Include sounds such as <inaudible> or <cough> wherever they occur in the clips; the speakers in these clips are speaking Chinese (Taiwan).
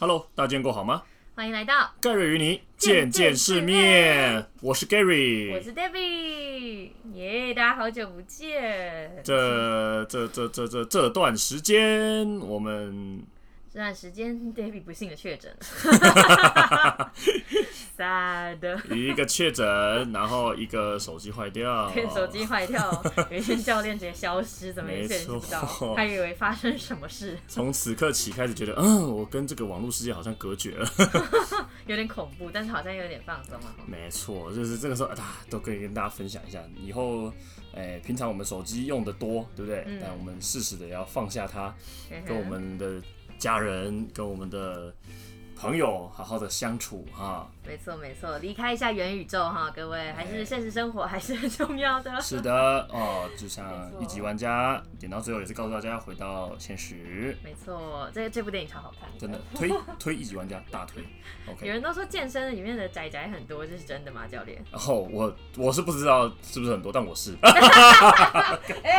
Hello，大家見過好嗎？歡迎來到蓋瑞與你見見世面。我是蓋瑞，我是戴比，耶，yeah, 大家好久不見。這這這這這這段時間，我們。段時間，David 不幸的確診，一個確診，然後一個手機壞掉，對，手機壞掉， <laughs> 有天教練直接消失，怎麼也點也不到。他以為發生什麼事。從此刻起開始覺得，嗯，我跟這個網絡世界好像隔絕了 <laughs> 有點恐怖，但是好像又有點放鬆啊。沒錯，就是這個時候，啊，都可以跟大家分享一下，以後，欸，平常我們手機用得多，對不對？嗯，但我們適時的要放下它， <laughs> 跟我們的。家人跟我們的朋友好好的相處啊。沒錯沒錯，離開一下元宇宙哈，各位還是現實生活還是很重要的。是的哦，就像一級玩家點到最後也是告訴大家要回到現實。沒錯，這這部電影超好看，真的推推一級玩家 <laughs> 大推、okay。有人都說健身裡面的宅宅很多，這是真的嗎？教練？然、哦、後我我是不知道是不是很多，但我是。哎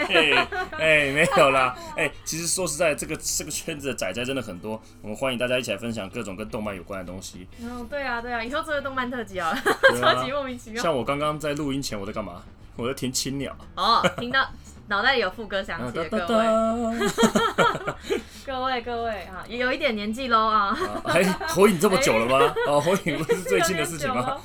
<laughs> 哎、 <laughs> 欸 <laughs> 欸欸、沒有啦哎、欸，其實說實在，這個這個圈子的宅宅真的很多，我們歡迎大家一起來分享各種跟動漫有關的東西。嗯，對、啊。對啊，對啊，以後做個動漫特輯啊，超級莫名其妙。像我剛剛在錄音前，我在幹嘛？我在聽青鳥。哦，聽到腦 <laughs> 袋裡有副歌響起、啊噠噠噠，各位 <laughs> 各位啊，也有一點年紀嘍啊，啊。還火影這麼久了嗎？欸、哦，火影不是最近的事情嗎？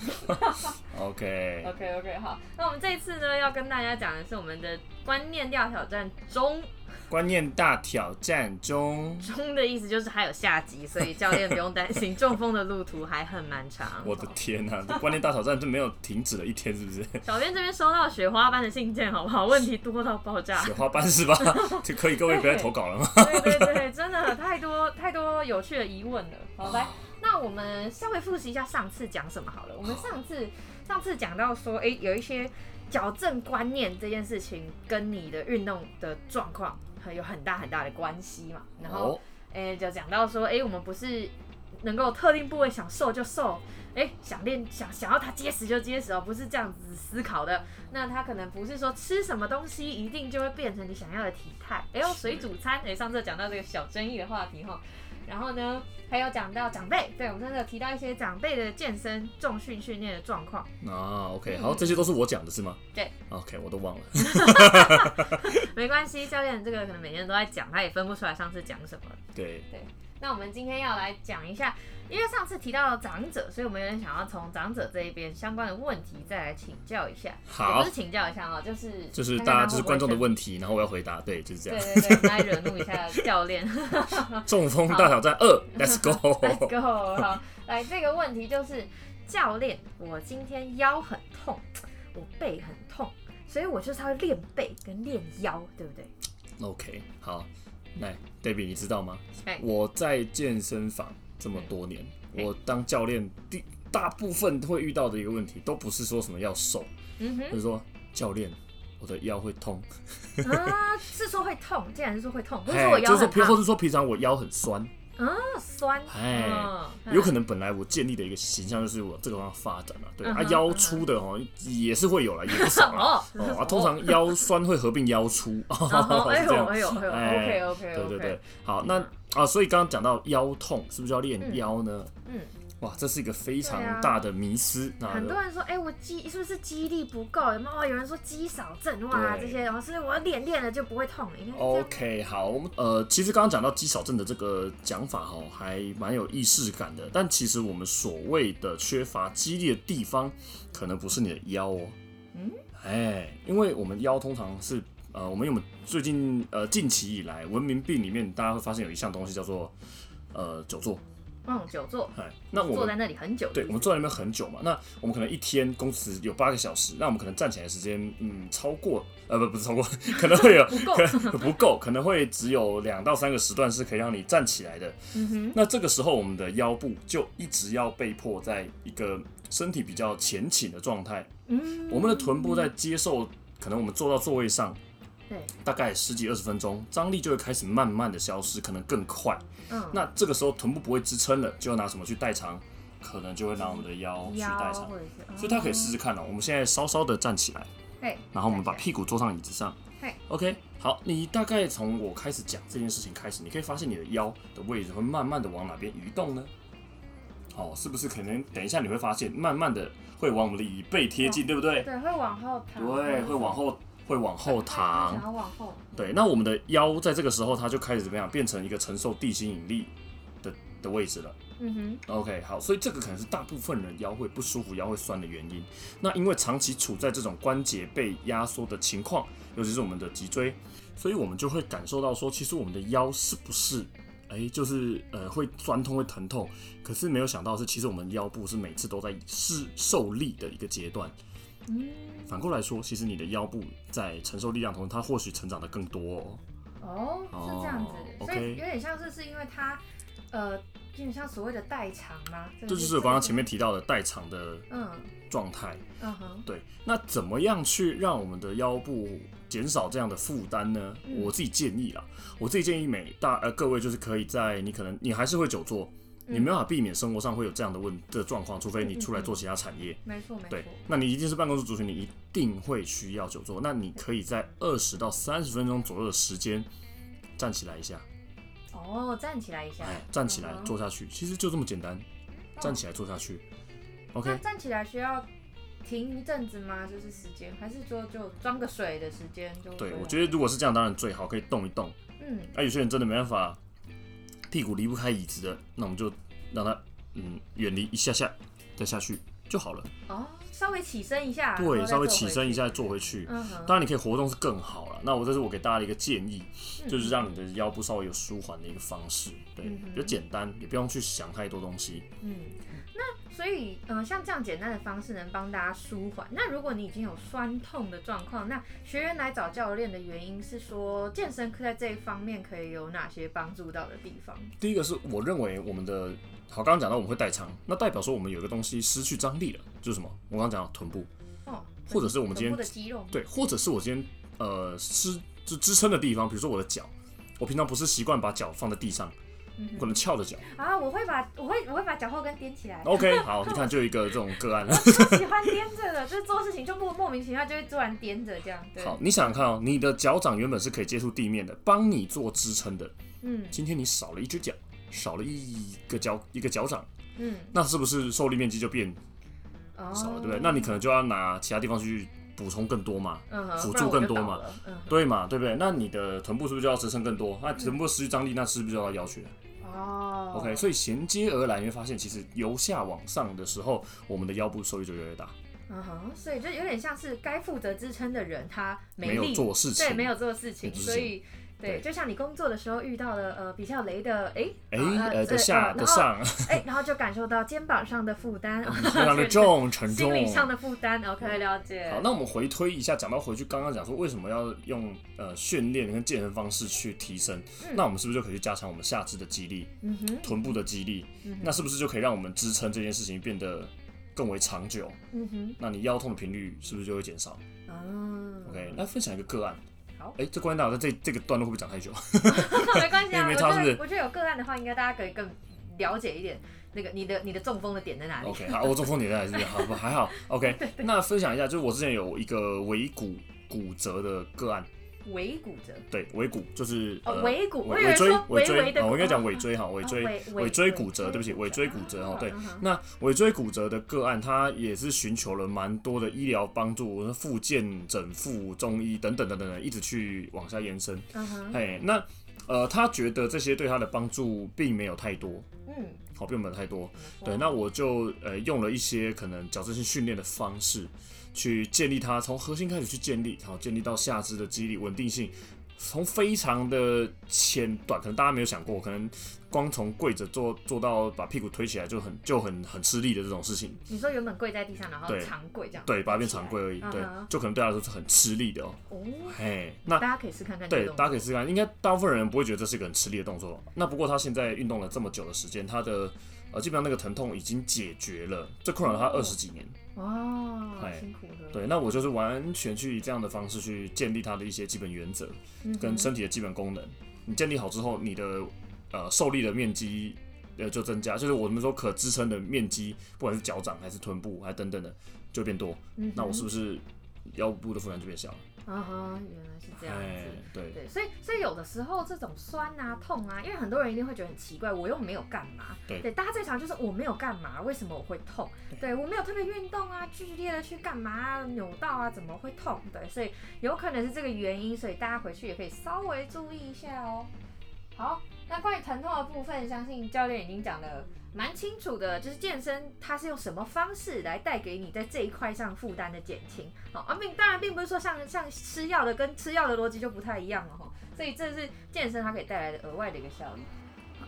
<laughs> OK OK OK 好，那我們這一次呢，要跟大家講的是我們的觀念大挑戰中，觀念大挑戰中中的意思就是還有下集，所以教練不用擔心 <laughs> 中風的路途還很漫長。我的天哪、啊，觀念大挑戰就沒有停止了一天是不是？ <laughs> 小編這邊收到雪花般的信件，好不好？問題多到爆炸，雪花般是吧？就可以各位不要投稿了嗎 <laughs> 對？對對對，真的、啊、太多太多有趣的疑問了。好，來，那我們稍微複習一下上次講什麼好了。我們上次。 <laughs> 上次講到說，誒、欸，有一些矯正觀念這件事情跟你的運動的狀況很有很大很大的關係嘛。然後，誒、欸，就講到說，誒、欸，我們不是能夠特定部位想瘦就瘦，誒、欸，想練想想要它結實就結實哦，不是這樣子思考的。那它可能不是說吃什麼東西一定就會變成你想要的體態。哎、欸，水煮餐，誒、欸，上次講到這個小爭議的話題哈。然後呢，還有講到長輩，對，我們剛剛有提到一些長輩的健身重訓訓練的狀況啊。OK，好、嗯，這些都是我講的是嗎？對。OK，我都忘了， <laughs> <laughs> 沒關係，教練這個可能每天都在講，他也分不出來上次講什麼。對。對那我們今天要來講一下，因為上次提到長者，所以我們有點想要從長者這一邊相關的問題再來請教一下。好，不是請教一下啊，就是看看會會就是大家就是觀眾的問題，然後我要回答，對，就是這樣。對對對，來惹怒一下教練。中 <laughs> 風大挑戰二，Let's go，Let's go。Let's go，好，來這個問題就是教練，我今天腰很痛，我背很痛，所以我就是要練背跟練腰，對不對？OK，好。來 Debbie 你知道嗎？Okay. 我在健身房這麼多年，okay. 我當教練第大部分會遇到的一個問題，都不是說什麼要瘦，mm-hmm. 就是說教練我的腰會痛， <laughs> 啊，是說會痛，竟然是說會痛，不是說我腰，hey, 就是譬如說，譬如說平常我腰很酸。啊、酸！哎、欸嗯，有可能本來我建立的一個形象就是我這個方向發展了、啊，對、嗯、啊，腰粗的哈、嗯、也是會有了，也不少了、 <laughs> 哦嗯。哦、啊，通常腰酸會合併腰粗，哦 <laughs> 哦、這樣。哎,、哦、哎呦哎呦 <laughs> OK OK，, okay 對，對對對，好，嗯、那啊，所以剛剛講到腰痛，是不是要練腰呢？嗯。嗯哇，這是一個非常大的迷思。啊、很多人說，哎、欸，我肌是不是肌力不夠、哦？有人說肌少症哇，這些，然、哦、後是，是我練練了就不會痛。OK，好，我們呃，其實剛剛講到肌少症的這個講法哈、哦，還蠻有意識感的。但其實我們所謂的缺乏肌力的地方，可能不是你的腰哦。嗯，哎，因為我們腰通常是呃，我們有最近呃近期以來，文明病裡面大家會發現有一項東西叫做呃久坐。那種久坐，那我坐在那裡很久，對，我們坐在那邊很久嘛。那我們可能一天工時有八個小時，那我們可能站起來的時間，嗯，超過呃不不是超過，可能會有 <laughs> 不夠，不夠， <laughs> 可能會只有兩到三個時段是可以讓你站起來的。嗯哼。那這個時候，我們的腰部就一直要被迫在一個身體比較前傾的狀態，嗯，我們的臀部在接受，嗯、可能我們坐到座位上。大概十幾二十分鐘，張力就會開始慢慢的消失，可能更快。嗯，那這個時候臀部不會支撐了，就要拿什麼去代償？可能就會拿我們的腰去代償。所以他可以試試看哦、嗯。我們現在稍稍的站起來對，然後我們把屁股坐上椅子上，OK，好，你大概從我開始講這件事情開始，你可以發現你的腰的位置會慢慢的往哪邊移動呢？好、哦，是不是可能等一下你會發現慢慢的會往我們的椅背貼近、嗯，對不對？對，會往後彈。對，會往後。會往後躺，往後。對，那我們的腰在這個時候，它就開始怎麼樣，變成一個承受地心引力的的位置了。嗯哼。OK，好，所以這個可能是大部分人腰會不舒服、腰會酸的原因。那因為長期處在這種關節被壓縮的情況，尤其是我們的脊椎，所以我們就會感受到說，其實我們的腰是不是，誒、欸，就是呃，會酸痛、會疼痛。可是沒有想到是，其實我們腰部是每次都在是受力的一個階段。嗯，反過來說，其實你的腰部在承受力量同時，它或許成長得更多哦。哦，是這樣子，哦、所以有點像是是因為它、嗯，呃，有點像所謂的代償嗎？這就是我剛剛前面提到的代償的嗯狀態，嗯哼，對。那怎麼樣去讓我們的腰部減少這樣的負擔呢？我自己建議啦，嗯、我自己建議每大呃各位就是可以在你可能你還是會久坐，你沒辦法避免生活上會有這樣的問的狀況，除非你出來做其他產業。沒、嗯、錯，沒錯。對，那你一定是辦公室族群，你一定會需要久坐。嗯、那你可以在二十到三十分鐘左右的時間站起來一下。哦，站起來一下。哎，站起來、嗯，坐下去，其實就這麼簡單。哦、站起來，坐下去。O、哦、K。OK，那站起來需要停一陣子嗎？就是時間，還是說就裝個水的時間就？對，我覺得如果是這樣，當然最好可以動一動。嗯。啊，有些人真的沒辦法。屁股離不開椅子的，那我們就讓他嗯遠離一下下，再下去就好了。哦，稍微起身一下。對，稍微起身一下再坐回去。嗯、當然，你可以活動是更好了。那我這是我給大家的一個建議、嗯，就是讓你的腰部稍微有舒緩的一個方式。對，嗯、比較簡單，也不用去想太多東西。嗯。所以，嗯、呃，像這樣簡單的方式能幫大家舒緩。那如果你已經有酸痛的狀況，那學員來找教練的原因是說，健身課在這一方面可以有哪些幫助到的地方？第一個是我認為我們的，好，剛剛講到我們會代償，那代表說我們有一個東西失去張力了，就是什麼？我剛剛講到臀部，哦，或者是我們今天臀部的肌肉，對，或者是我今天呃支支，支支撐的地方，比如說我的腳，我平常不是習慣把腳放在地上。可能翹着腳啊，我會把我會我會把腳後跟踮起來。 <laughs> OK，好，你看就一個這種個案了。喜歡踮著的，就是做事情就莫莫名其妙就會突然踮著這樣。好，你想想看哦，你的腳掌原本是可以接觸地面的，幫你做支撐的。嗯，今天你少了一只腳，少了一個腳一個腳掌。嗯，那是不是受力面積就變少了，哦、對不對？那你可能就要拿其他地方去補充更多嘛，輔、嗯、助更多嘛，嗯、對嘛，對不對？那你的臀部是不是就要支撐更多？那臀部失去張力，那是不是就要腰要曲？哦、oh，OK，所以銜接而來，你會發現，其實由下往上的時候，我們的腰部受力就越來越大。嗯哼，所以就有點像是該負責支撐的人，他沒力，沒有做事情，對，沒有做事情，事情所以。對，就像你工作的時候遇到了呃比較雷的，哎，哎，呃，的、欸欸啊、呃下的、呃、上，哎、欸，然後就感受到肩膀上的負擔、嗯、非常的重，沉 <laughs> 重，心理上的負擔。OK，、嗯、了解。好，那我們回推一下，講到回去剛剛講說為什麼要用呃訓練跟健身方式去提升、嗯，那我們是不是就可以加強我們下肢的肌力，嗯哼，臀部的肌力，嗯、那是不是就可以讓我們支撐這件事情變得更為長久？嗯哼，那你腰痛的頻率是不是就會減少？嗯 o、okay, k、嗯、來分享一個個案。哎，這關鍵到這這個段落會不會講太久？ <laughs> <laughs> 沒關係啊，我覺得我覺得有個案的話，應該大家可以更了解一點 <laughs> 那個你的你的中風的點在哪裡？OK，好，我中風點在哪裡？？ <laughs> 好不還好？OK， <laughs> 對對那分享一下，就是我之前有一個尾骨骨折的個案。尾骨折，對，尾骨就是呃尾、哦、骨，椎尾尾椎尾尾骨哦、尾椎，尾椎，我應該講尾椎哈，尾椎，尾椎骨折，對不起，尾椎骨折哈、啊。對、嗯，那尾椎骨折的個案，他也是尋求了蠻多的醫療幫助，復健、整復、中醫等等等等，一直去往下延伸。哎，那呃，他覺得這些對他的幫助並沒有太多。嗯，好，並沒有太多。對，那我就呃用了一些可能矯正性訓練的方式。去建立它，從核心開始去建立，然後建立到下肢的肌力穩定性。從非常的前段，可能大家沒有想過，可能光從跪着做，做到把屁股推起來就很就很很吃力的這種事情。你說原本跪在地上，然後長跪這樣子。對，對，把它變長跪而已，對，uh -huh. 就可能對他來說是很吃力的哦、喔。哦、oh,，嘿，那大家可以試看看這動作。對，大家可以試看看，應該大部分人不會覺得這是一個很吃力的動作。那不過他現在運動了這麼久的時間，他的呃基本上那個疼痛已經解決了，這困擾了他二十幾年。Oh. 哦、wow，辛苦的。對，那我就是完全去以這樣的方式去建立它的一些基本原則，跟身體的基本功能。嗯。你建立好之後，你的呃受力的面積呃就增加，就是我們說可支撐的面積，不管是腳掌還是臀部還等等的，就變多。嗯、那我是不是腰部的負擔就變小了？啊哈，原來是這樣子，對，對，對，所以所以有的時候這種酸啊，痛啊，因為很多人一定會覺得很奇怪，我又沒有幹嘛，對，對，大家最常就是我沒有幹嘛，為什麼我會痛？對，對，我沒有特別運動啊，劇烈的去幹嘛啊，扭到啊，怎麼會痛？對，所以有可能是這個原因，所以大家回去也可以稍微注意一下哦。好，那關於疼痛的部分，相信教練已經講了。蠻清楚的，就是健身它是用什麼方式來帶給你在這一塊上負擔的減輕。哦，啊，並當然並不是說像像吃藥的跟吃藥的邏輯就不太一樣了哈，所以這是健身它可以帶來的額外的一個效益。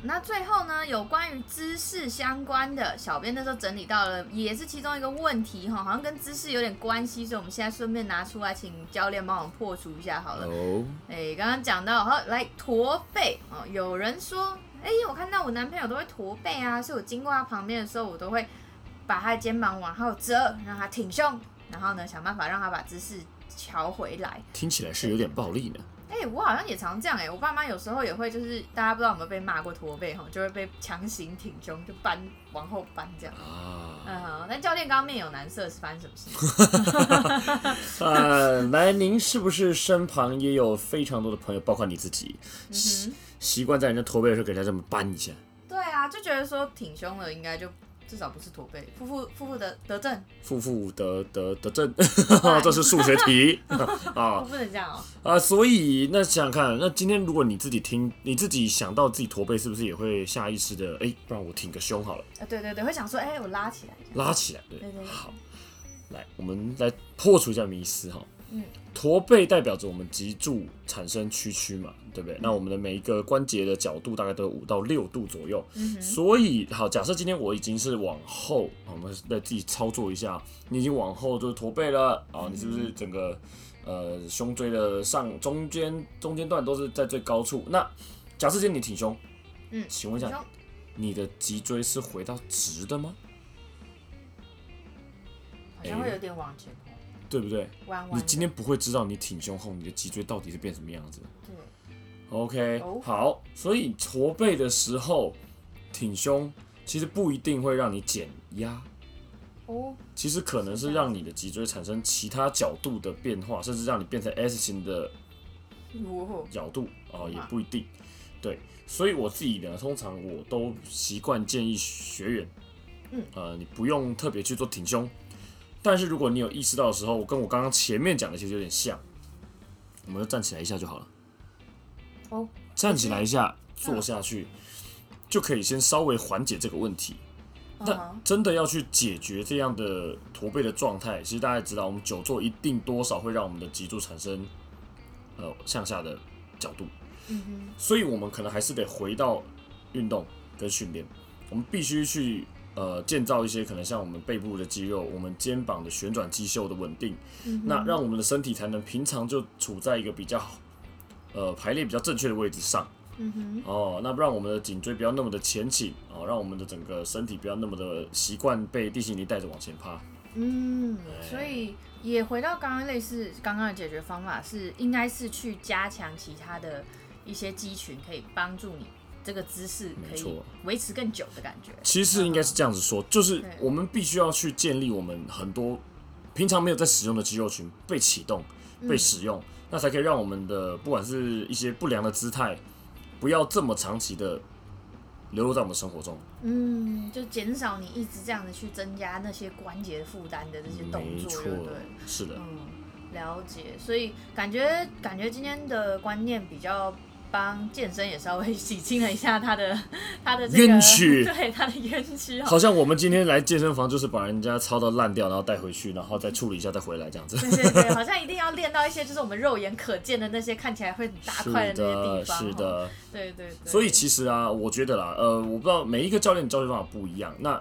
那最後呢，有關於姿勢相關的，小編那時候整理到了，也是其中一個問題哈，好像跟姿勢有點關係，所以我們現在順便拿出來，請教練幫我們破除一下好了。哦、oh. 欸。剛剛講到，好來駝背哦，有人說，哎、欸，我看到我男朋友都會駝背啊，所以我經過他旁邊的時候，我都會把他的肩膀往後折，讓他挺胸，然後呢，想辦法讓他把姿勢喬回來。聽起來是有點暴力呢。哎、欸，我好像也常這樣。哎、欸，我爸媽有時候也會，就是大家不知道有沒有被罵過駝背吼，就會被強行挺胸，就搬往後搬這樣。啊、uh... 嗯，那教練剛剛面有難色，是搬什麼事？來、 <laughs> <laughs> uh, 呃，您是不是身旁也有非常多的朋友，包括你自己，是、mm -hmm.。習慣在人家駝背的時候給他這麼搬一下？對啊，就覺得說挺胸了，應該就。至少不是駝背，負負負負的得正，負負得得得正，復復 <laughs> 這是數學題 <laughs> 啊！不能這樣啊、喔！啊，所以那想想看，那今天如果你自己聽，你自己想到自己駝背，是不是也會下意識的，哎、欸，讓我挺個胸好了？呃、啊，對對對，會想說，哎、欸，我拉起來，拉起來，對，對，對，對，好，來，我們來破除一下迷思哈。駝背代表着我們脊柱產生屈曲，曲嘛，對不對？嗯。那我們的每一個關節的角度大概都有五到六度左右。嗯。所以，好，假設今天我已經是往後，我們再自己操作一下。你已經往後就是駝背了啊，嗯。你是不是整個呃胸椎的上中間中間段都是在最高處？那假設今天你挺胸，嗯，請問一下，你的脊椎是回到直的嗎？好像會有點往前。A, 對不對玩玩？你今天不會知道你挺胸後，你的脊椎到底是變什麼樣子的。對、嗯。OK，、哦、好。所以駝背的時候挺胸，其實不一定會讓你減壓。哦。其實可能是讓你的脊椎產生其他角度的變化，甚至讓你變成 S 型的角度哦、呃，也不一定。對。所以我自己呢，通常我都習慣建議學員、嗯，呃，你不用特別去做挺胸。但是如果你有意識到的時候，我跟我剛剛前面講的其實有點像，我們就站起來一下就好了。哦、oh, okay.，站起來一下，坐下去、oh. 就可以先稍微緩解這個問題。Uh -huh. 那真的要去解決這樣的駝背的狀態，其實大家也知道，我們久坐一定多少會讓我們的脊柱產生呃向下的角度。Mm -hmm. 所以我們可能還是得回到運動跟訓練，我們必須去。呃，建造一些可能像我們背部的肌肉，我們肩膀的旋轉肌袖的穩定、嗯，那讓我們的身體才能平常就處在一個比較好，呃，排列比較正確的位置上。嗯哼。哦，那不讓我們的頸椎不要那麼的前傾，哦，讓我們的整個身體不要那麼的習慣被地心引力帶着往前趴。嗯，所以也回到剛剛類似剛剛的解決方法，是應該是去加強其他的一些肌群，可以幫助你。這個姿勢沒錯，可以維持更久的感覺。其實應該是這樣子說，就是我們必須要去建立我們很多平常沒有在使用的肌肉群被啟動、嗯、被使用，那才可以讓我們的不管是一些不良的姿態，不要這麼長期的流入在我們生活中。嗯，就減少你一直這樣子去增加那些關節負擔的這些動作。沒錯，對對是的，嗯，了解。所以感覺感覺今天的觀念比較。幫健身也稍微洗清了一下他的他的、這個、冤屈， <laughs> 對他的冤屈。好像我們今天來健身房就是把人家操到爛掉，然後帶回去，然後再處理一下再回來這樣子。 <laughs> 對對，對，好像一定要練到一些就是我們肉眼可見的那些 <laughs> 看起來會很大塊的地方。是的，是的 <laughs> 對，對對。所以其實啊，我覺得啦，呃，我不知道每一個教練的教學方法不一樣。那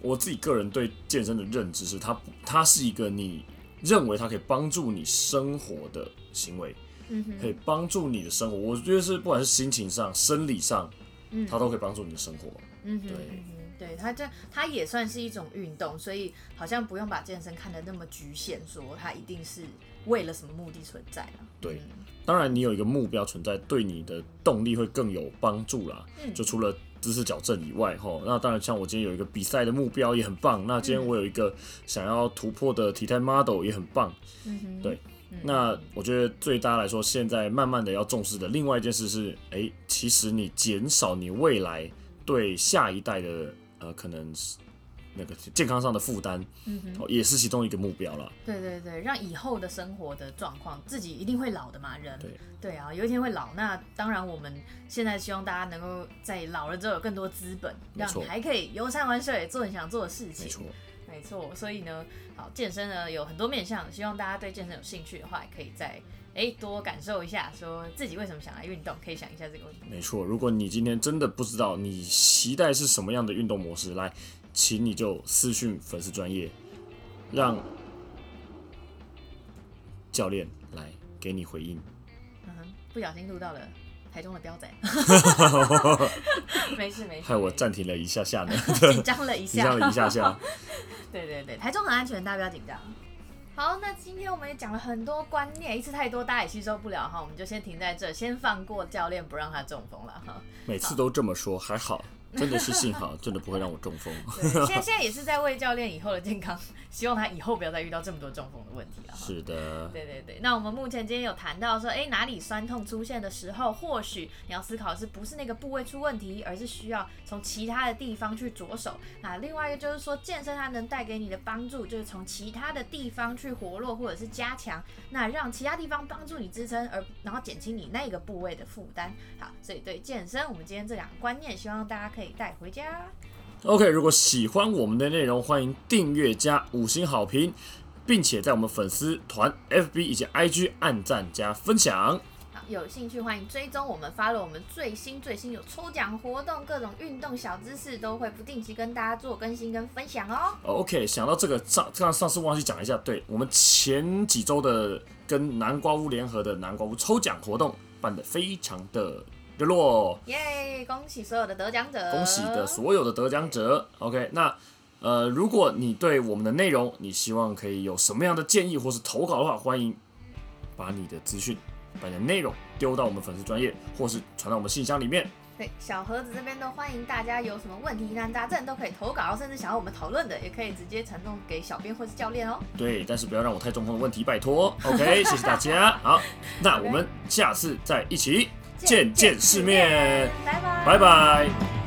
我自己個人對健身的認知是，它它是一個你認為它可以幫助你生活的行為。Mm -hmm. 可以幫助你的生活。我覺得是，不管是心情上、生理上，嗯、mm -hmm.，它都可以幫助你的生活。嗯、mm -hmm. 對，mm -hmm. 對，它這它也算是一種運動，所以好像不用把健身看得那麼局限，說它一定是為了什麼目的存在、啊、對，mm -hmm. 當然你有一個目標存在，對你的動力會更有幫助啦。嗯、mm -hmm.，就除了姿勢矯正以外，那當然像我今天有一個比賽的目標也很棒。那今天我有一個想要突破的體態 model 也很棒。嗯、mm -hmm. 對。那我覺得對大家來說，現在慢慢的要重視的另外一件事是，哎、欸，其實你減少你未來對下一代的呃，可能是那個健康上的負擔，嗯哼，也是其中一個目標了。對對對，讓以後的生活的狀況，自己一定會老的嘛，人對，對啊，有一天會老，那當然我們現在希望大家能夠在老了之後有更多資本，讓你還可以遊山玩水，做你想做的事情。沒錯，所以呢，好，健身呢有很多面向，希望大家對健身有興趣的話，也可以再，哎、欸、多感受一下，說自己為什麼想來運動，可以想一下這個問題。沒錯，如果你今天真的不知道你期待是什麼樣的運動模式，來，請你就私訊粉絲專業，讓教練來給你回應。嗯哼，不小心錄到了。台中的飆仔， <laughs> <laughs> <laughs> 沒事沒事，害我暫停了一下下呢，緊張了一下， <laughs> 了一, <laughs> 一下下 <laughs> 對對對，台中很安全，大家不要緊張。好，那今天我們也講了很多觀念，一次太多大家也吸收不了哈，我們就先停在這，先放過教練，不讓他中風了哈。每次都這麼說，好還好。真的是幸好，真的不會讓我中風、啊。 <laughs> 現在現在也是在為教練以後的健康，希望他以後不要再遇到這麼多中風的問題了、啊。是的。對對對。那我們目前今天有談到說，哎、欸，哪裡酸痛出現的時候，或許你要思考是不是那個部位出問題，而是需要從其他的地方去着手啊。那另外一個就是說，健身它能帶給你的幫助，就是從其他的地方去活絡或者是加強，那讓其他地方幫助你支撐，而然後減輕你那個部位的負擔。好，所以對健身，我們今天這兩個觀念，希望大家可以。可以帶回家。OK，如果喜歡我們的內容，歡迎訂閱加五星好評，並且在我們粉絲團 FB 以及 IG 按讚加分享。好，有興趣歡迎追蹤我們，發了我們最新，最新有抽獎活動，各種運動小知識都會不定期跟大家做更新跟分享哦。OK，想到這個上、上上次忘記講一下，對我們前幾週的跟南瓜屋聯合的南瓜屋抽獎活動辦得非常的。日落，耶！恭喜所有的得獎者！恭喜的所有的得獎者。OK，那呃，如果你對我們的內容，你希望可以有什麼樣的建議或是投稿的話，歡迎把你的資訊、把你的內容丟到我們粉絲專頁，或是傳到我們信箱裡面。對，小盒子這邊都歡迎大家有什麼問題、疑難雜症都可以投稿，甚至想要我們討論的，也可以直接傳送給小編或是教練哦。對，但是不要讓我太中風的問題，拜托。OK，謝謝大家。 <laughs> 好，那我們下次再一起。Okay. 見見世面，拜拜。拜拜。